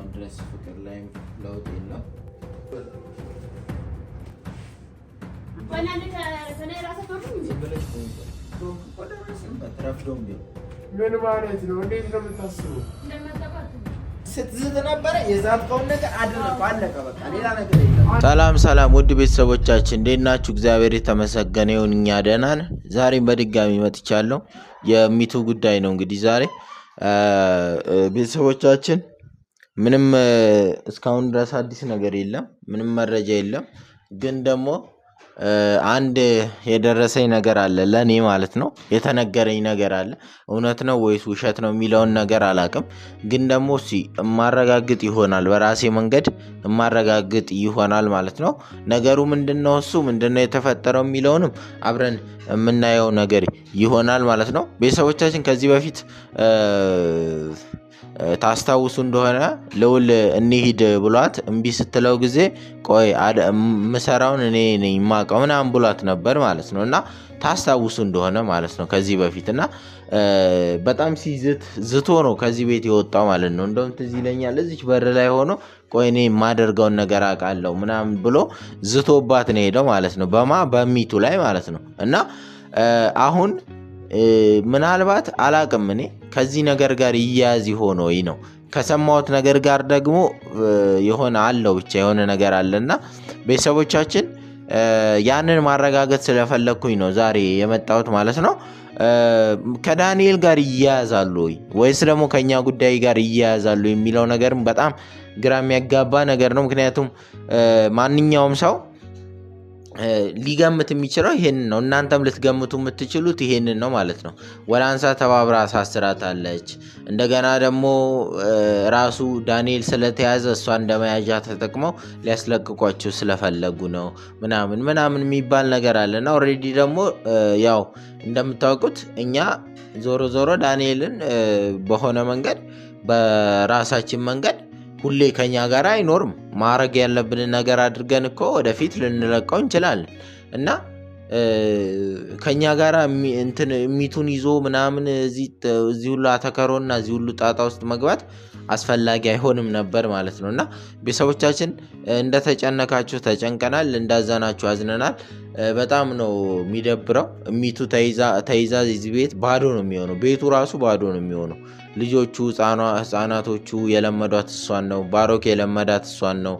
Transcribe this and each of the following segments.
እስካሁን ድረስ ፍቅር ላይም ለውጥ የለም። ምን ማለት ነው? እንዴት ነው የምታስበው? ስትዝት ነበረ ነገር አለቀ። በቃ ሌላ ነገር የለም። ሰላም ሰላም፣ ውድ ቤተሰቦቻችን እንዴት ናችሁ? እግዚአብሔር የተመሰገነ ይሁን፣ እኛ ደህና ነን። ዛሬም በድጋሚ መጥቻለሁ። የሚቱ ጉዳይ ነው እንግዲህ ዛሬ ቤተሰቦቻችን ምንም እስካሁን ድረስ አዲስ ነገር የለም ምንም መረጃ የለም። ግን ደግሞ አንድ የደረሰኝ ነገር አለ ለኔ ማለት ነው የተነገረኝ ነገር አለ እውነት ነው ወይስ ውሸት ነው የሚለውን ነገር አላቅም። ግን ደግሞ እስቲ የማረጋግጥ ይሆናል በራሴ መንገድ የማረጋግጥ ይሆናል ማለት ነው። ነገሩ ምንድነው እሱ ምንድነው የተፈጠረው የሚለውንም አብረን የምናየው ነገር ይሆናል ማለት ነው። ቤተሰቦቻችን ከዚህ በፊት ታስታውሱ እንደሆነ ልዑል እንሂድ ብሏት እምቢ ስትለው ጊዜ ቆይ ምሰራውን እኔ የማውቀው ምናምን ብሏት ነበር ማለት ነው። እና ታስታውሱ እንደሆነ ማለት ነው ከዚህ በፊት እና በጣም ሲዝት ዝቶ ነው ከዚህ ቤት የወጣው ማለት ነው። እንደውም ትዝ ይለኛል እዚች በር ላይ ሆኖ ቆይ እኔ የማደርገውን ነገር አውቃለሁ ምናምን ብሎ ዝቶባት ነው ሄደው ማለት ነው። በማ በሚቱ ላይ ማለት ነው እና አሁን ምናልባት አላቅም እኔ ከዚህ ነገር ጋር እያያዝ ይሆን ወይ ነው ከሰማሁት ነገር ጋር ደግሞ የሆነ አለው ብቻ የሆነ ነገር አለና ቤተሰቦቻችን ያንን ማረጋገጥ ስለፈለግኩኝ ነው ዛሬ የመጣሁት ማለት ነው። ከዳንኤል ጋር እያያዛሉ ወይ ወይስ ደግሞ ከእኛ ጉዳይ ጋር እያያዛሉ የሚለው ነገርም በጣም ግራ የሚያጋባ ነገር ነው። ምክንያቱም ማንኛውም ሰው ሊገምት የሚችለው ይሄንን ነው። እናንተም ልትገምቱ የምትችሉት ይሄንን ነው ማለት ነው። ወላንሳ ተባብራ ሳስራታለች እንደገና ደግሞ ራሱ ዳንኤል ስለተያዘ እሷ እንደ መያዣ ተጠቅመው ሊያስለቅቋቸው ስለፈለጉ ነው ምናምን ምናምን የሚባል ነገር አለና ኦሬዲ ደግሞ ያው እንደምታውቁት እኛ ዞሮ ዞሮ ዳንኤልን በሆነ መንገድ በራሳችን መንገድ ሁሌ ከኛ ጋር አይኖርም። ማድረግ ያለብንን ነገር አድርገን እኮ ወደፊት ልንለቀው እንችላለን እና ከኛ ጋር እንትን ሚቱን ይዞ ምናምን እዚህ ሁሉ አተከሮና እዚህ ሁሉ ጣጣ ውስጥ መግባት አስፈላጊ አይሆንም ነበር ማለት ነው እና ቤተሰቦቻችን እንደተጨነካችሁ ተጨንቀናል፣ እንዳዘናችሁ አዝነናል። በጣም ነው የሚደብረው። ሚቱ ተይዛ እዚህ ቤት ባዶ ነው የሚሆነው። ቤቱ ራሱ ባዶ ነው የሚሆነው። ልጆቹ ህፃናቶቹ የለመዷት እሷን ነው። ባሮክ የለመዳት እሷን ነው።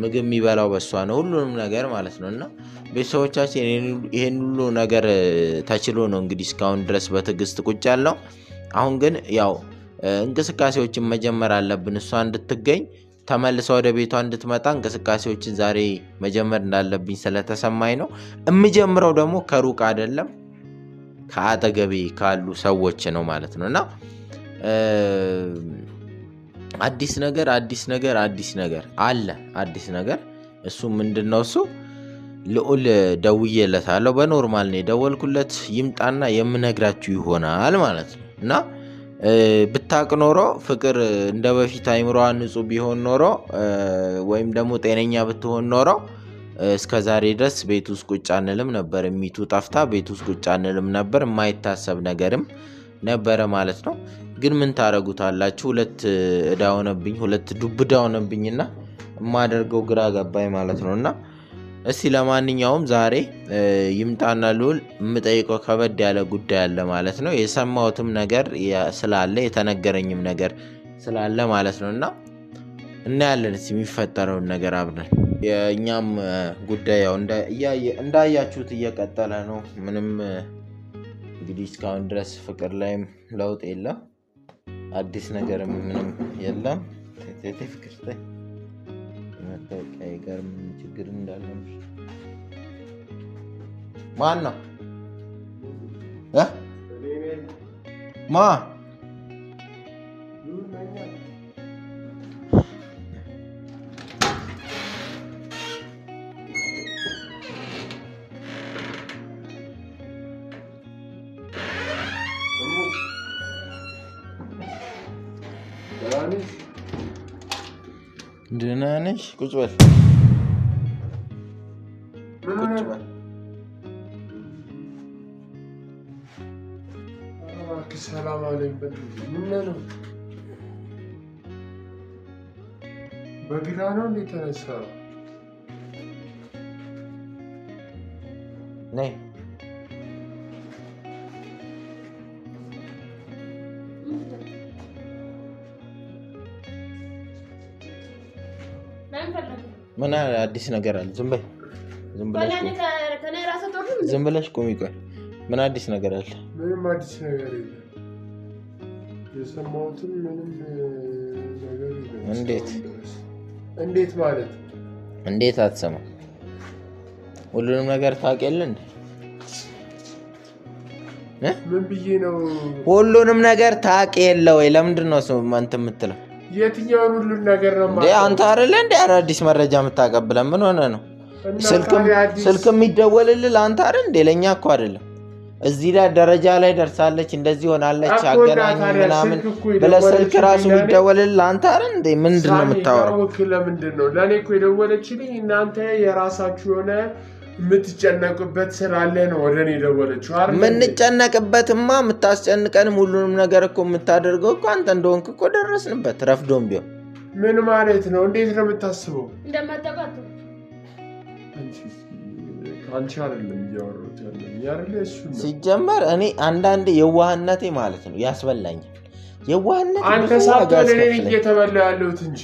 ምግብ የሚበላው በእሷ ነው። ሁሉንም ነገር ማለት ነው እና ቤተሰቦቻችን ይህን ሁሉ ነገር ተችሎ ነው እንግዲህ እስካሁን ድረስ በትግስት ቁጭ ያለው። አሁን ግን ያው እንቅስቃሴዎችን መጀመር አለብን። እሷ እንድትገኝ ተመልሰ ወደ ቤቷ እንድትመጣ እንቅስቃሴዎችን ዛሬ መጀመር እንዳለብኝ ስለተሰማኝ ነው። የምጀምረው ደግሞ ከሩቅ አይደለም ከአጠገቤ ካሉ ሰዎች ነው ማለት ነው እና አዲስ ነገር አዲስ ነገር አዲስ ነገር አለ። አዲስ ነገር እሱ ምንድን ነው? እሱ ልዑል ደውዬለታለሁ። በኖርማል ነው የደወልኩለት። ይምጣና የምነግራችሁ ይሆናል ማለት ነው እና ብታቅ ኖሮ ፍቅር እንደ በፊት አይምሮዋ ንጹህ ቢሆን ኖሮ ወይም ደግሞ ጤነኛ ብትሆን ኖሮ እስከ ዛሬ ድረስ ቤት ውስጥ ቁጭ አንልም ነበር። ሚቱ ጠፍታ ቤት ውስጥ ቁጭ አንልም ነበር። የማይታሰብ ነገርም ነበረ ማለት ነው። ግን ምን ታደርጉታላችሁ? ሁለት እዳ ሆነብኝ፣ ሁለት ዱብ እዳ ሆነብኝና የማደርገው ግራ ገባኝ ማለት ነው እና እስቲ ለማንኛውም ዛሬ ይምጣና ልውል የምጠይቀው ከበድ ያለ ጉዳይ አለ ማለት ነው። የሰማሁትም ነገር ስላለ የተነገረኝም ነገር ስላለ ማለት ነው እና እናያለን እስኪ የሚፈጠረውን ነገር አብረን። የእኛም ጉዳይ ያው እንዳያችሁት እየቀጠለ ነው። ምንም እንግዲህ እስካሁን ድረስ ፍቅር ላይም ለውጥ የለም፣ አዲስ ነገርም ምንም የለም። ፍቅር መታወቂያ ይገርም ችግር እንዳለ ማን ነው ማ ቁጭ በል ቁጭ በል። ሰላም አለኝ። ምነው በግራ ነው እንዴት ተነሳ? ነይ ምን አዲስ ነገር አለ? ዝም በይ ዝም ብለሽ ቁሚ። ቆይ ምን አዲስ ነገር አለ? ምንም አዲስ ነገር የለም። የሰማሁትም ምንም ነገር የለም። እንዴት እንዴት ማለት እንዴት አትሰማም? ሁሉንም ነገር ታውቅ የለ እንዴ? ምን ብዬ ነው? ሁሉንም ነገር ታውቅ የለ ወይ? ለምንድን ነው እንትን የምትለው? የትኛውን ሁሉ ነገር ነው እንዴ? አንተ አይደለ እንደ አዳዲስ መረጃ የምታቀብለን? ምን ሆነ ነው? ስልክ የሚደወልልህ አንተ አይደል እንዴ? ለእኛ እኮ አይደለም። እዚህ ላይ ደረጃ ላይ ደርሳለች፣ እንደዚህ ሆናለች፣ አገናኝ ምናምን ብለህ ስልክ ራሱ የሚደወልልህ አንተ አይደል እንዴ? ምንድን ነው የምታወራው? ለምንድን ነው ለእኔ እኮ የደወለችልኝ እናንተ የራሳችሁ የሆነ የምትጨነቅበት ስራ አለ ነው ወደ እኔ የደወለችው። ምንጨነቅበትማ የምታስጨንቀንም ሁሉንም ነገር እኮ የምታደርገው እኮ አንተ እንደሆንክ እኮ ደረስንበት። ረፍዶም ቢሆን ምን ማለት ነው? እንዴት ነው የምታስበው? እንደማጠቃት አንቺ አይደለም እያወራሁት ያለ ሲጀመር፣ እኔ አንዳንዴ የዋህነቴ ማለት ነው ያስበላኛል። የዋህነት አንተ ሳትሆን እየተበላ ያለሁት እንጂ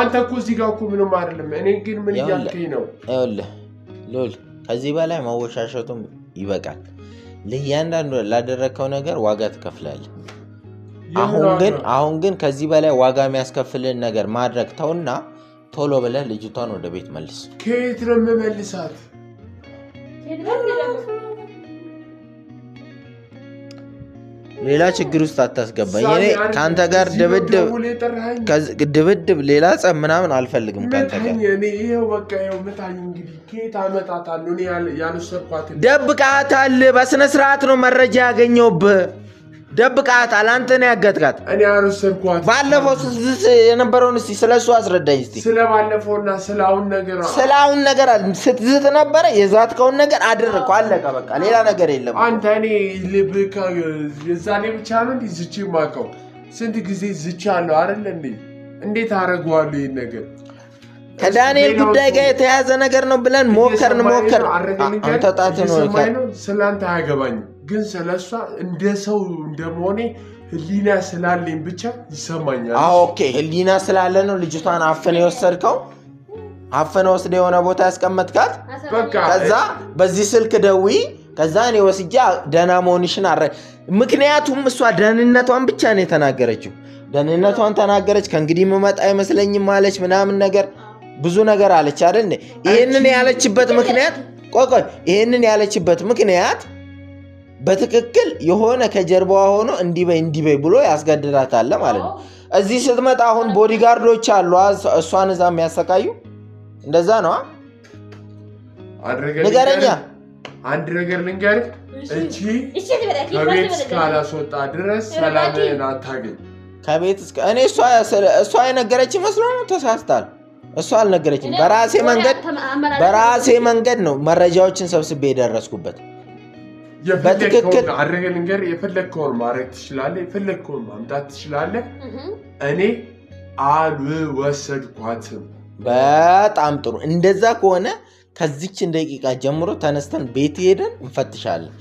አንተ እኮ እዚህ ጋር እኮ ምንም አይደለም። እኔ ግን ምን እያልከኝ ነው? ይኸውልህ ሉል ከዚህ በላይ መወሻሸቱም ይበቃል። ለእያንዳንዱ ላደረግከው ነገር ዋጋ ትከፍላል አሁን ግን አሁን ግን ከዚህ በላይ ዋጋ የሚያስከፍልን ነገር ማድረግ ተውና ቶሎ ብለህ ልጅቷን ወደ ቤት መልስ። ከየት ነው የምመልሳት? ሌላ ችግር ውስጥ አታስገባኝ። እኔ ከአንተ ጋር ድብድብ፣ ሌላ ጸብ ምናምን አልፈልግም ከአንተ በስነስርዓት ደብቃታል። በስነ ስርዓት ነው መረጃ ያገኘውብህ ደብቃት አላንተ ነው ያገጥካት። እኔ አልወሰድኳት። ባለፈው የነበረውን እስኪ ስለ እሱ አስረዳኝ። እስኪ ስለ ባለፈውና ስለ አሁን ነገር ስለ አሁን ነገር ስትዝት ነበረ። የዛትከውን ነገር አድርግ። አለቀ በቃ፣ ሌላ ነገር የለም። አንተ እኔ ልብካ የዛኔ ብቻ ነው እንዲ ዝች ማቀው ስንት ጊዜ ዝች አለው አይደለ እንዴ? እንዴት አደርገዋለሁ ይህን ነገር ከዳንኤል ጉዳይ ጋር የተያዘ ነገር ነው ብለን ሞከርን ሞከርን። አንተ ነው ስለ አንተ አያገባኝም ግን ስለሷ እንደ ሰው እንደመሆኔ ህሊና ስላለኝ ብቻ ይሰማኛል። ኦኬ፣ ህሊና ስላለ ነው ልጅቷን አፍን የወሰድከው፣ አፍን ወስደ የሆነ ቦታ ያስቀመጥካት። ከዛ በዚህ ስልክ ደዊ፣ ከዛ እኔ ወስጃ ደህና መሆንሽን አረ። ምክንያቱም እሷ ደህንነቷን ብቻ ነው የተናገረችው። ደህንነቷን ተናገረች። ከእንግዲህ የምመጣ አይመስለኝም አለች፣ ምናምን ነገር ብዙ ነገር አለች አይደል? ይህንን ያለችበት ምክንያት ቆይ ቆይ፣ ይህንን ያለችበት ምክንያት በትክክል የሆነ ከጀርባዋ ሆኖ እንዲበይ እንዲበይ ብሎ ያስገድዳታል ማለት ነው። እዚህ ስትመጣ አሁን ቦዲጋርዶች አሉ እሷን እዛ የሚያሰቃዩ እንደዛ ነው። ንገረኛ አንድ ነገር ልንገር፣ እቺ ከቤት እስካላስወጣ ድረስ ሰላምን አታገኝ። ከቤት እኔ እሷ የነገረች መስሎ ነው። ተሳስታል። እሷ አልነገረችም። በራሴ መንገድ በራሴ መንገድ ነው መረጃዎችን ሰብስቤ የደረስኩበት። በትክክል የፈለግከውን ማድረግ ትችላለህ፣ የፈለግከውን ማምጣት ትችላለህ። እኔ አልወሰድኳትም። በጣም ጥሩ። እንደዛ ከሆነ ከዚችን ደቂቃ ጀምሮ ተነስተን ቤት ሄደን እንፈትሻለን።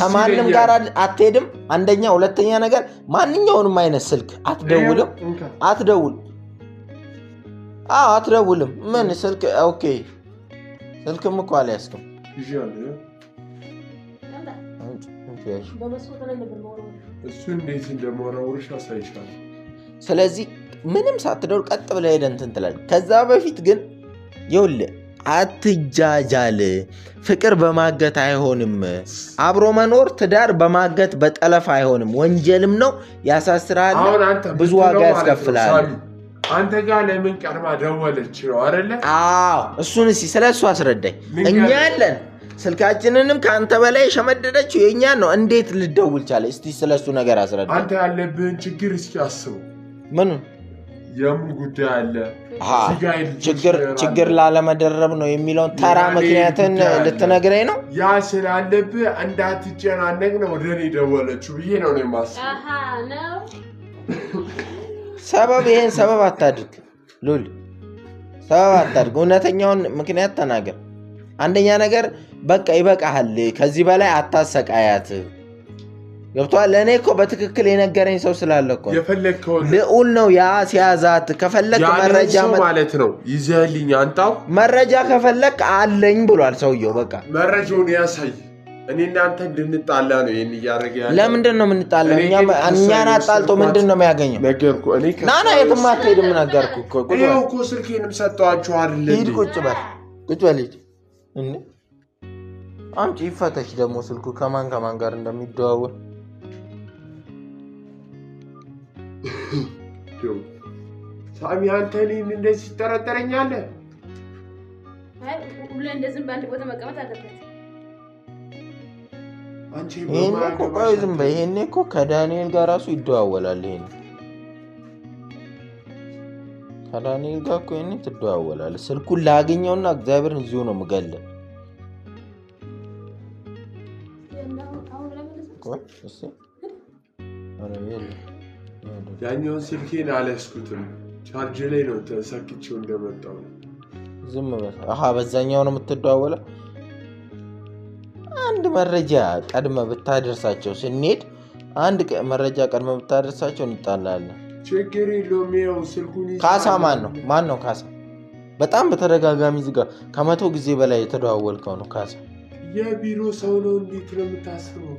ከማንም ጋር አትሄድም። አንደኛ፣ ሁለተኛ ነገር ማንኛውንም አይነት ስልክ አትደውልም፣ አትደውል አትደውልም። ምን ስልክ ኦኬ፣ ስልክም እኮ አልያዝክም እሱ እንዴት እንደመወራውርሽ አሳይሻል። ስለዚህ ምንም ሳትደውል ቀጥ ብለህ ሄደህ እንትን ትላለህ። ከዛ በፊት ግን ይኸውልህ አትጃጃል። ፍቅር በማገት አይሆንም። አብሮ መኖር ትዳር በማገት በጠለፍ አይሆንም። ወንጀልም ነው፣ ያሳስራል፣ ብዙ ዋጋ ያስከፍላል። አንተ ጋር ለምን ቀርባ ደወለች ነው አይደለ? አዎ፣ እሱን እስኪ ስለ እሱ አስረዳኝ። እኛ ያለን ስልካችንንም ከአንተ በላይ የሸመደደችው የእኛ ነው። እንዴት ልደውል ቻለ? እስቲ ስለሱ ነገር አስረዳ። አንተ ያለብህን ችግር እስኪ አስቡ። ምን የምን ጉዳይ አለ? ችግር ላለመደረብ ነው የሚለውን ተራ ምክንያትን ልትነግረኝ ነው? ያ ስላለብህ እንዳትጨናነቅ ነው ወደ እኔ ደወለችው ብዬ ነው ነው ሰበብ ይሄን ሰበብ አታድርግ ሉል፣ ሰበብ አታድርግ። እውነተኛውን ምክንያት ተናገር። አንደኛ ነገር በቃ ይበቃሃል፣ ከዚህ በላይ አታሰቃያት። ገብቷል። ለእኔ እኮ በትክክል የነገረኝ ሰው ስላለ እኮ ልዑል ነው ያ ሲያዛት። ከፈለክ መረጃ ማለት ነው ይዘህልኝ አንጣው። መረጃ ከፈለክ አለኝ ብሏል ሰውየው። በቃ መረጃውን ያሳይ። እኔ እናንተ እንድንጣላ ነው ይህን እያደረገ ያለ። ለምንድን ነው የምንጣላው? እኛን አጣልቶ ምንድን ነው የሚያገኘው? ናና የትም አትሄድም ነገርኩህ። ስልኬንም ሰጠኋቸው። ሂድ ቁጭ በል ቁጭ በል ሂድ እንዴ አንቺ ይፈተሽ ደግሞ ስልኩ ከማን ከማን ጋር እንደሚደዋወል ሳሚ አንተ እኔን እንደዚህ ትጠረጠረኛለህ እንደዚህ በአንድ ቦታ መቀመጥ አለበት ይሄኔ እኮ ቆይ ዝም በይ ይሄኔ እኮ ከዳንኤል ጋር ራሱ ይደዋወላል ይሄኔ ፈላኔ እኔ ጋ እኮ ይሄኔ ትደዋወላለህ። ስልኩን ላግኘውና እግዚአብሔርን እዚሁ ነው የምገልህ። ያኛውን ስልኬን አልያዝኩትም፣ ቻርጅ ላይ ነው ተሰክቼው እንደመጣው ዝም በል በዛኛው ነው የምትደዋወለው። አንድ መረጃ ቀድመ ብታደርሳቸው ስንሄድ አንድ መረጃ ቀድመ ብታደርሳቸው እንጣላለን። ችግር የለውም። ይኸው ስልኩን ካሳ ማን ነው? ማን ነው ካሳ? በጣም በተደጋጋሚ ዝጋ። ከመቶ ጊዜ በላይ የተደዋወልከው ነው ካሳ። የቢሮ ሰው ነው። እንዴት ነው የምታስበው?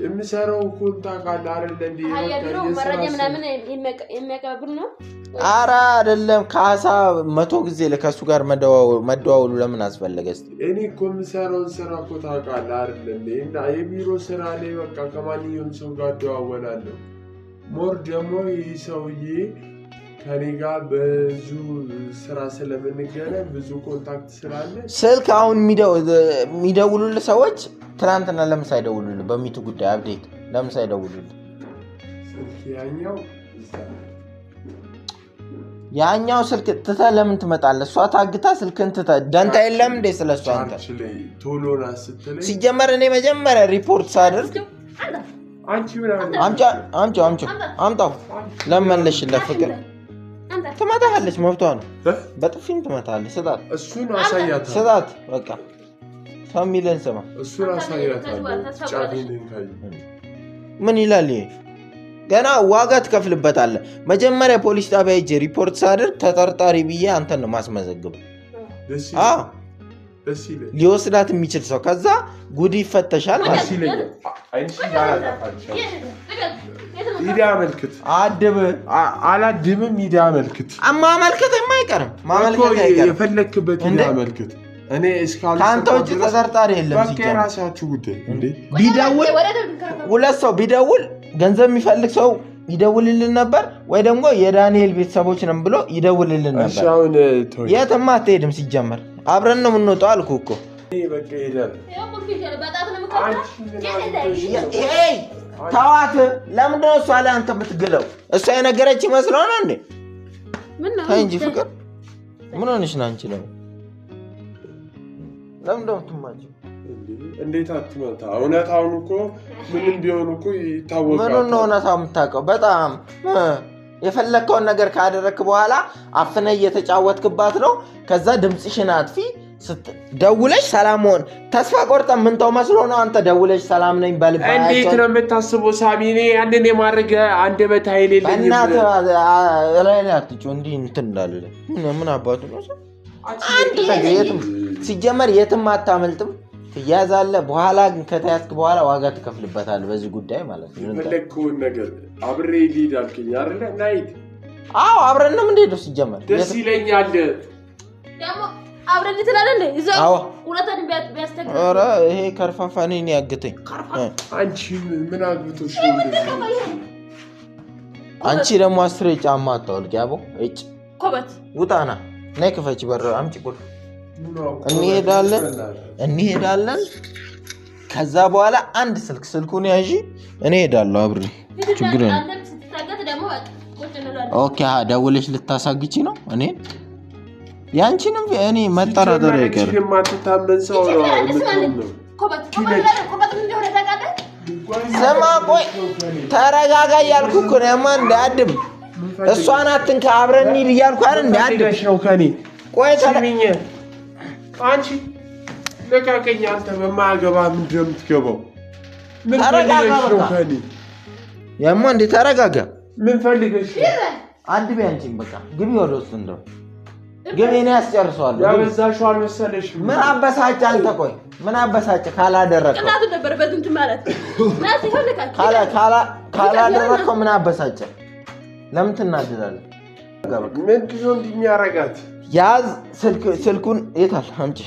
የሚሰራው ኮንታ አይደለም። ቢሮ መረጃ ምናምን የሚያቀባብል ነው። አረ አይደለም ካሳ፣ መቶ ጊዜ ከእሱ ጋር መደዋወሉ ለምን አስፈለገ? እስኪ እኔ እኮ የምሰራውን ስራ እኮ ታውቃለህ አይደለም? የቢሮ ስራ ላይ በቃ ከማንኛውም ሰው ጋር እደዋወላለሁ። ሞር ደግሞ ይህ ሰውዬ ከኔ ጋር ብዙ ስራ ስለምንገናኝ ብዙ ኮንታክት ስላለ ስልክ አሁን የሚደውሉል ሰዎች ትናንትና ለምን ሳይደውሉል በሚቱ ጉዳይ አብዴት ለምን አይደውሉልህ? ስልክ ያኛው ያኛው ስልክ ትተ ለምን ትመጣለ እሷ ታግታ ስልክን ትተ ደንታ የለም እንዴ? ስለ እሷ ሲጀመር እኔ መጀመሪያ ሪፖርት ሳደርግ አንቺ ምን አምጪ አምጪ አምጪ አምጣው ለመለሽለት ፍቅር ትመታለች፣ መብቷ ነው። በጥፊም ትመታለች። ስጣት፣ እሱን አሳያት፣ ስጣት። በቃ ሰው የሚለን ስማ፣ እሱን አሳያት። ምን ይላል ይሄ? ገና ዋጋ ትከፍልበታለህ። መጀመሪያ ፖሊስ ጣቢያ ሂጅ፣ ሪፖርት ሳድር ተጠርጣሪ ብዬ አንተን ነው ማስመዘግበው። ሊወስዳት የሚችል ሰው ከዛ ጉድ ይፈተሻል ማለት መልክት አመልክት ማመልከት የማይቀርም ማመልከት የፈለክበት ሂድ ከአንተ ውጭ ተጠርጣሪ የለም። ሁለት ሰው ቢደውል ገንዘብ የሚፈልግ ሰው ይደውልልን ነበር ወይ ደግሞ የዳንኤል ቤተሰቦች ነን ብሎ ይደውልልን ነበር። የትማ አትሄድም ሲጀመር አብረን ነው የምንወጣው አልኩ እኮ። ተዋት። ነው እሷ ላይ አንተ የምትግለው? እሷ የነገረች ይመስለው ነው እንዴ? ተይ እንጂ ፍቅር፣ ምን ሆነሽ ነው አንቺ? ደግሞ ለምንድነው የምትማቸው? እንዴት አትመታ? እውነታውን እኮ ምንም ቢሆን እኮ ይታወቃል። ምኑን ነው እውነታው የምታውቀው? በጣም የፈለግከውን ነገር ካደረክ በኋላ አፍነ እየተጫወትክባት ነው። ከዛ ድምፅሽን አጥፊ ደውለሽ ሰላም ሆን ተስፋ ቆርጠ ምንተው መስሎ ነው። አንተ ደውለሽ ሰላም ነኝ በልባቸው እንዴት ነው የምታስበው? ሳሚ እኔ አንድን የማድረግ አንድ በት አይሌለኝ ላይ አትጩ እንዲህ እንትን እንዳለ ምን አባቱ ነው አንድ ነገር የትም ሲጀመር የትም አታመልጥም። ትያዛለህ። በኋላ ግን ከተያዝክ በኋላ ዋጋ ትከፍልበታል በዚህ ጉዳይ ማለት ነው። ነገር አብሬ ሊድ አልኝ አይደለ? ናይት። አዎ አብረን ነው የምንሄደው። ሲጀመር ደስ ይለኛል። ይሄ ከርፋፋ እኔን ያግተኝ። አንቺ ምን አግብቶሽ አንቺ ደግሞ አስሬ ጫማ አታወልቅ። ያቦ እጭ ውጣና ነይ ክፈች በረ አምጭ ቁልፍ እንሄዳለን እንሄዳለን። ከዛ በኋላ አንድ ስልክ ስልኩን ያዥ፣ እኔ ሄዳለሁ አብሬ። ችግር ኦኬ። ደውለሽ ልታሳግቺ ነው እኔ ያንቺንም እኔ መጠራጠር አይቀርም። ስማ ቆይ ተረጋጋ እያልኩ እኮ ነው። ያማን እንዳያድም እሷን አትንካ፣ አብረን እንሂድ እያልኩ እንዳያድም ቆይ አንቺ ለቃቀኝ አንተ በማያገባ ምንድን ነው የምትገባው? ምን ፈልገሽ ነው ከእኔ? ያማ እንዴ ተረጋጋ። ምን ፈልገሽ አድቤ? አንቺም በቃ ግቢ ወደ ውስጥ እንደው ግቢ፣ እኔ ያስጨርሰዋለሁ። ያበዛሽዋል መሰለሽ ምን አበሳጭ አንተ? ቆይ ምን አበሳጭ? ነበር ካላደረግከው ካላደረግከው ምን አበሳጭ? ለምን ትናደዳለህ? ምንድን ነው እንዲህ የሚያረጋት ያዝ ስልኩን የታል? አምጪ።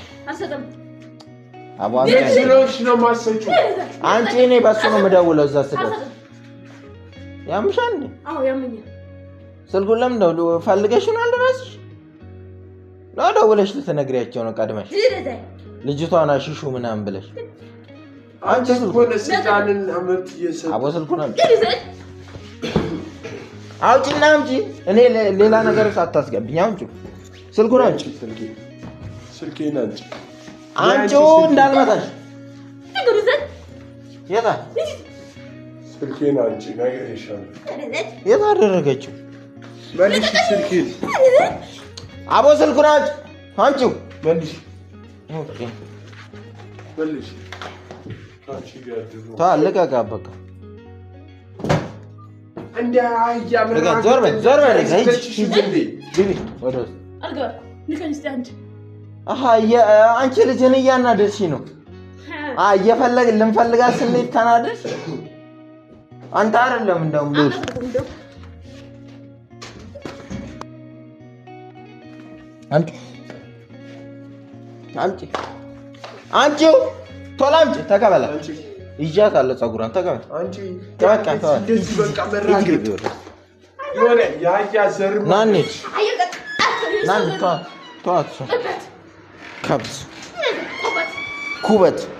አንቺ እኔ በሱ ነው የምደውለው። እዛ ስደርስ ያምሻል። ስልኩን ለምን ደው ፈልገሽ ነው? አልደረስሽ ነው ደውለሽ ልትነግሪያቸው ነው ቀድመሽ ልጅቷን አሽሹ ምናምን ብለሽ አንቺ ስልኩን አቦ ስልኩን አምጪ አውጪና አምጪ። እኔ ሌላ ነገር ሳታስገብኝ አምጪው ስልኩን አንቺ ስልኬን አንቺ አንቺ እንዳልመታሽ የታ ስልኬን አንቺ ነግሬሻለሁ። የት አደረገችው? መልሽ ስልኬን። አቦ ስልኩን አንቺ አንቺው መልሽ መልሽ። ታልቀቃ በቃ እንደ አህያ ዞር በል ዞር በል ወደ ውስጥ አልገባም። ልከኝ እስኪ አንድ አንቺ ልጅ እያናደድሽ ነው። እየፈለግ ልንፈልጋት ስንሄድ ተናደድሽ። አንተ አይደለም እንደውም ልጅ አንቺ አንቺ አንቺ ቶሎ አምጪ ተቀበላ ይዣት ፀጉሯን ተቀበል። አንቺ ማን? ተዋት። ከብት ኩበት